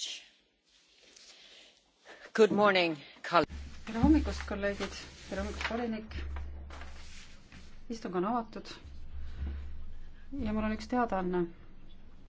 tere hommikust, kolleegid, tere hommikust, volinik. istung on avatud. ja mul on üks teadaanne